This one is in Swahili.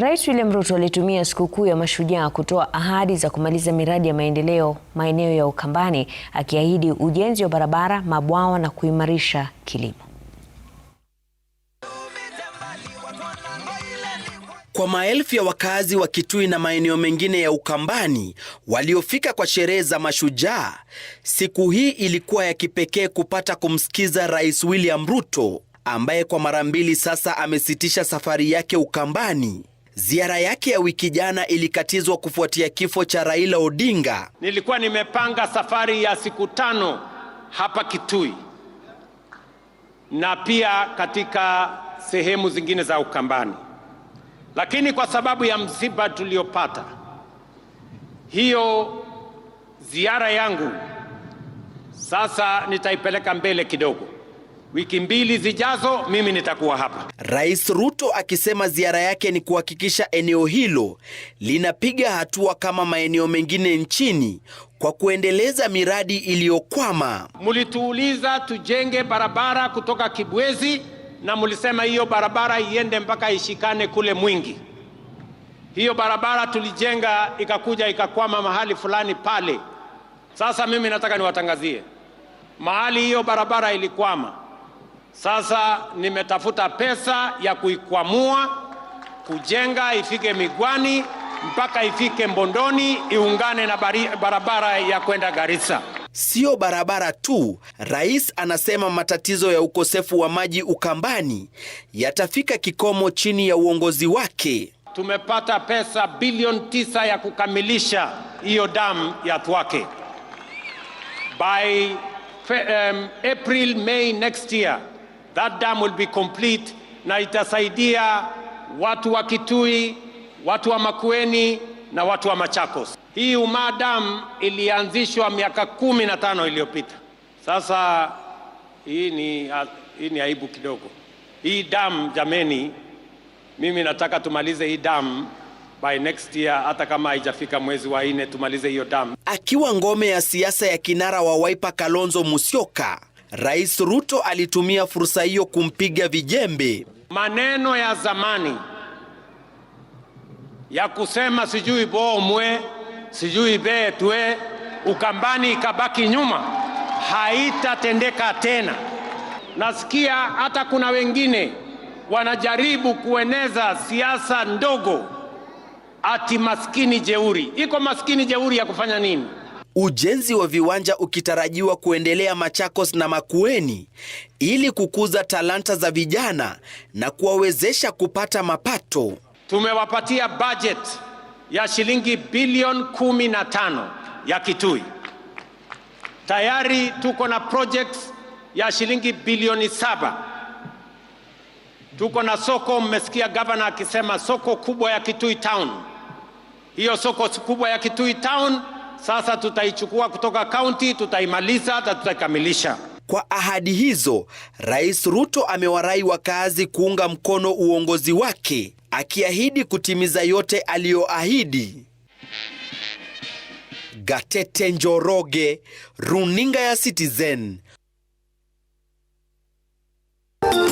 Rais William Ruto alitumia sikukuu ya Mashujaa kutoa ahadi za kumaliza miradi ya maendeleo maeneo ya Ukambani, akiahidi ujenzi wa barabara, mabwawa na kuimarisha kilimo. Kwa maelfu ya wakazi wa Kitui na maeneo mengine ya Ukambani waliofika kwa sherehe za Mashujaa, siku hii ilikuwa ya kipekee kupata kumsikiza Rais William Ruto ambaye kwa mara mbili sasa amesitisha safari yake Ukambani Ziara yake ya wiki jana ilikatizwa kufuatia kifo cha Raila Odinga. Nilikuwa nimepanga safari ya siku tano hapa Kitui na pia katika sehemu zingine za Ukambani, lakini kwa sababu ya msiba tuliopata, hiyo ziara yangu sasa nitaipeleka mbele kidogo. Wiki mbili zijazo mimi nitakuwa hapa. Rais Ruto akisema ziara yake ni kuhakikisha eneo hilo linapiga hatua kama maeneo mengine nchini kwa kuendeleza miradi iliyokwama. mulituuliza tujenge barabara kutoka Kibwezi na mulisema hiyo barabara iende mpaka ishikane kule Mwingi. Hiyo barabara tulijenga ikakuja ikakwama mahali fulani pale. Sasa mimi nataka niwatangazie mahali hiyo barabara ilikwama sasa nimetafuta pesa ya kuikwamua, kujenga ifike Migwani mpaka ifike Mbondoni, iungane na barabara ya kwenda Garissa. Sio barabara tu, rais anasema matatizo ya ukosefu wa maji Ukambani yatafika kikomo chini ya uongozi wake. Tumepata pesa bilioni tisa ya kukamilisha hiyo damu ya Thwake by um, April May next year That dam will be complete na itasaidia watu wa Kitui, watu wa Makueni na watu wa Machakos. Hii Umaa dam ilianzishwa miaka kumi na tano iliyopita. Sasa hii ni, hii ni aibu kidogo. Hii dam jameni, mimi nataka tumalize hii dam by next year, hata kama haijafika mwezi wa nne tumalize hiyo dam. Akiwa ngome ya siasa ya kinara wa Wiper Kalonzo Musyoka Rais Ruto alitumia fursa hiyo kumpiga vijembe. Maneno ya zamani ya kusema sijui bomwe sijui betwe Ukambani ikabaki nyuma haitatendeka tena. Nasikia hata kuna wengine wanajaribu kueneza siasa ndogo ati maskini jeuri. Iko maskini jeuri ya kufanya nini? Ujenzi wa viwanja ukitarajiwa kuendelea Machakos na Makueni ili kukuza talanta za vijana na kuwawezesha kupata mapato. Tumewapatia bajeti ya shilingi bilioni 15 ya Kitui. Tayari tuko na projects ya shilingi bilioni saba. Tuko na soko, mmesikia gavana akisema soko kubwa ya Kitui Town. Hiyo soko kubwa ya Kitui Town sasa tutaichukua kutoka kaunti, tutaimaliza na tutakamilisha. Kwa ahadi hizo, Rais Ruto amewarai wakazi kuunga mkono uongozi wake, akiahidi kutimiza yote aliyoahidi. Gatete Njoroge, Runinga ya Citizen.